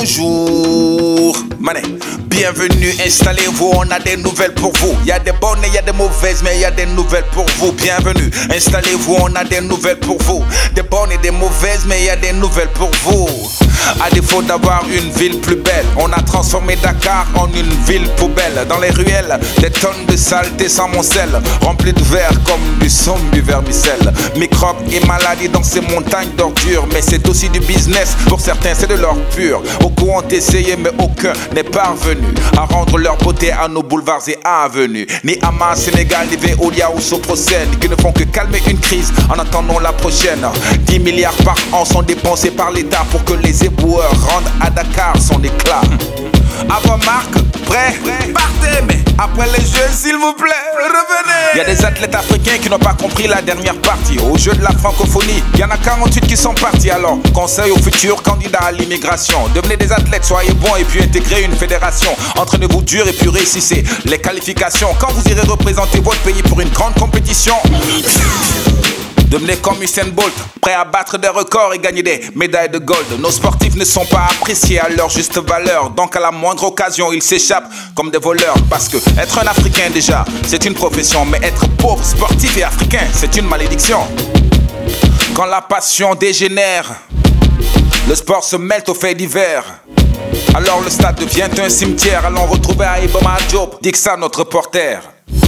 bonjour. Mané, bienvenue, installez-vous, on a des nouvelles pour vous. Il y a des bonnes et il des mauvaises, mais il y a des nouvelles pour vous. Bienvenue, installez-vous, on a des nouvelles pour vous. Des bonnes et des mauvaises, mais il y a des nouvelles pour vous. À défaut d'avoir une ville plus belle, on a transformé Dakar en une ville poubelle. Dans les ruelles, des tonnes de saleté sans mon sel, remplies de verre comme du somme du vermicelle. Microbes et maladies dans ces montagnes d'ordures, mais c'est aussi du business. Pour certains, c'est de l'or pur. Beaucoup ont essayé, mais aucun n'est parvenu à rendre leur beauté à nos boulevards et avenues. Ni Hamas, Sénégal, ni Veolia ou Soprocène, qui ne font que calmer une crise en attendant la prochaine. 10 milliards par an sont dépensés par l'État pour que les pour rendre à Dakar son éclat. Avant Marc, prêt, partez, mais après les jeux, s'il vous plaît, revenez. Il y a des athlètes africains qui n'ont pas compris la dernière partie. Au jeu de la francophonie, il y en a 48 qui sont partis. Alors, conseil aux futurs candidats à l'immigration. Devenez des athlètes, soyez bons et puis intégrez une fédération. Entraînez-vous dur et puis réussissez les qualifications. Quand vous irez représenter votre pays pour une grande compétition. Devenir comme Usain Bolt, prêt à battre des records et gagner des médailles de gold. Nos sportifs ne sont pas appréciés à leur juste valeur, donc à la moindre occasion, ils s'échappent comme des voleurs. Parce que être un Africain déjà, c'est une profession, mais être pauvre, sportif et africain, c'est une malédiction. Quand la passion dégénère, le sport se mêle aux faits divers. Alors le stade devient un cimetière, allons retrouver Aïbama Adjob Dixa notre porteur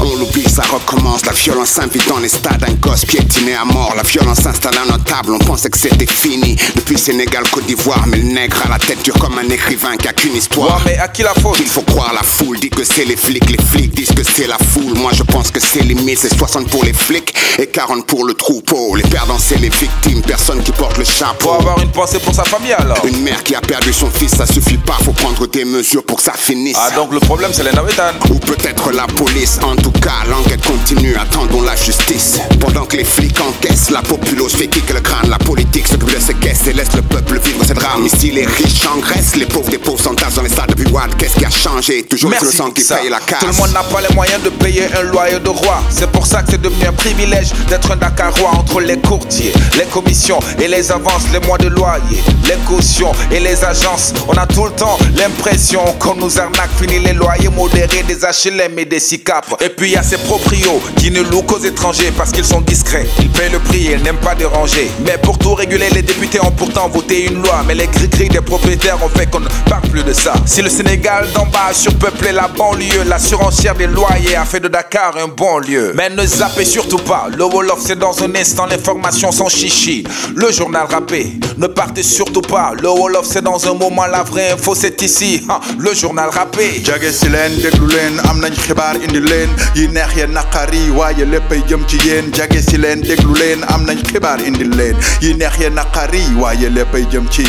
on l'oublie, ça recommence. La violence invite dans les stades, un gosse piétiné à mort. La violence s'installe à notre table, on pensait que c'était fini. Depuis Sénégal, Côte d'Ivoire, mais le nègre à la tête dure comme un écrivain qui a qu'une histoire. mais à qui la faute Il faut croire la foule, dit que c'est les flics, les flics disent que c'est la foule. Moi je pense que c'est limite, c'est 60 pour les flics et 40 pour le troupeau. Les perdants, c'est les victimes, personne qui porte le chapeau. Faut avoir une pensée pour sa famille alors. Une mère qui a perdu son fils, ça suffit pas, faut prendre des mesures pour que ça finisse. Ah donc le problème c'est les navettes hein. Ou peut-être la police, en tout car l'enquête continue, attendons la justice. Pendant que les flics encaissent, la populace fait kick le crâne, la politique se de ses caisses et laisse le peuple vivre ses drames. Ici, les riches en engraissent, les pauvres des pauvres s'entassent dans les stades de Buad. Qu'est-ce qui a changé Toujours le sang qui paye la casse. Tout le monde n'a pas les moyens de payer un loyer de roi. C'est pour ça que c'est devenu un privilège d'être un Dakarois entre les courtiers, les commissions et les avances, les mois de loyer, les cautions et les agences. On a tout le temps l'impression qu'on nous arnaque, fini les loyers modérés des HLM et des SICAP. Puis il y a ses proprios qui ne louent qu'aux étrangers parce qu'ils sont discrets. Ils paient le prix, ils n'aiment pas déranger. Mais pour tout réguler, les députés ont pourtant voté une loi. Mais les gris-gris des propriétaires ont fait qu'on ne parle plus de ça. Si le Sénégal d'en bas a surpeuplé la banlieue, lassurance des loyers a fait de Dakar un bon lieu. Mais ne zappez surtout pas, le Wolof c'est dans un instant, les formations sont chichi. Le journal rappé, ne partez surtout pas, le Wolof c'est dans un moment, la vraie info c'est ici. Le journal rappé. yi neex ya naqari waaye léppay jëm ci yéen jage si leen déglu leen am nañ xibaar indil leen yi neex ya naqari waaye léppay jëm ci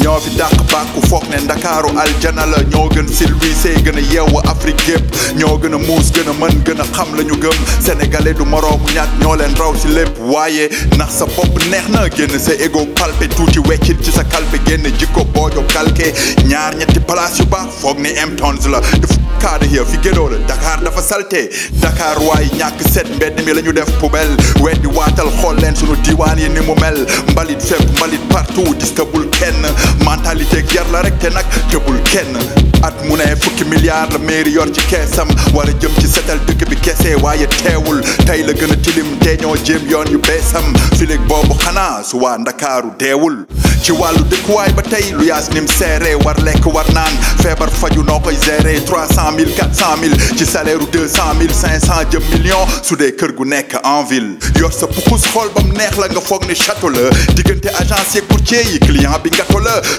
ñoo fi dàq bàkku foog ne ndakaaru aljana la ñoo gën silvise gën a yeewu Afrique gépp ñoo gën a muus gën a mën gën a xam la ñu gëm sénégalais du moroomu ñàkk ñoo leen raw si lépp waaye ndax sa bopp neex na génn sa ego palpe tuuti weccit ci sa kalpe génn jikko boojo kalke ñaar ñetti place yu baax foog ni m tons la dafa kaada here Dakar waay ñàkk set mbedd mi la ñu def poubelle weddi waatal xool leen sunu diwaan yi ni mu mel mbalit fépp mbalit partout dis ka bul kenn mentalité guerre la rek te nag tëbul kenn at mu ne fukki milliar la mairie yor ci keesam war a jëm ci setal dëkk bi keesee waaye teewul tey la gën a tilim te ñoo jéem yoon yu beesam filig boobu xanaa su waa ndakaaru deewul ci wàllu dëkkuwaay ba tey lu yaas nim seere war lekk war naan feebar faju noo koy gérer trois cent mille quatre cent mille ci salaire u cent mille cinq cent jëm million su dee kër gu nekk en ville yor sa pukus xool bam neex la nga foog ni château la diggante agence yeeg courtier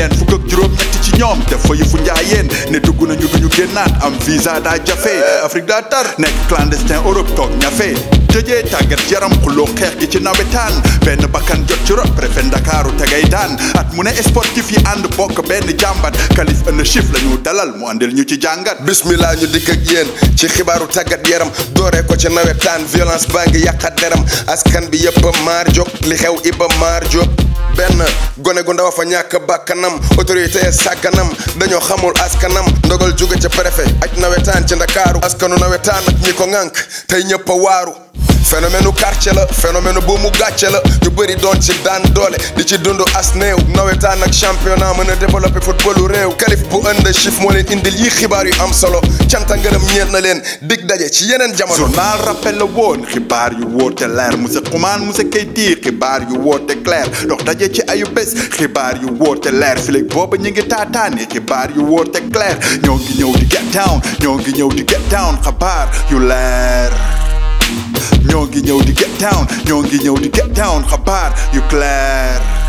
ñeent fukk juróom ñett ci ñoom def fa yëfu njaayeen ne dugg nañu duñu génnaat am visa daa jafe Afrique daa tar nekk clandestin Europe toog ñafe jëjee tàggat yaram xuloo xeex gi ci nawetaan benn bakkan jot ci rot préfet Ndakaaru tegay daan at mu ne sportif yi ànd bokk benn jàmbat kalif ënn chiffre la ñu dalal mu àndil ñu ci jàngat bismillah ñu dikk ak yéen ci xibaaru tàggat yaram dooree ko ci nawetaan violence baa ngi yàqat deram askan bi yëpp a maar jóg li xew iba maar jóg benn gone gu ndaw fa ñàkk bàkkanam autorité sàgganam dañoo xamul askanam ndogal jóge ca préfet aj nawetaan ci ndakaaru askanu nawetaan ak ñi ko ŋànk tey ñëpp a waaru phénomène u la phénomène bu mu gàcce la ñu bëri doon ci daan doole di ci dund as néew nawetaan ak championnat mën a développé footballu réew kalif bu ënd chiffre moo leen indil yi xibaar yu am solo canta ngërëm ñeet na leen dig daje ci yeneen jamono journal rappel la woon xibaar yu wóote leer monsieur Xuman monsieur dii xibaar yu wóote clair dox daje ci ayu bés xibaar yu te leer filig booba ñu ngi taataane xibaar yu wóote te ñoo ñëw di get down ñoo ngi ñëw di get down xabaar yu leer ñoo ngi ñëw di get down ñoo ngi ñëw di get down xabaar yu clair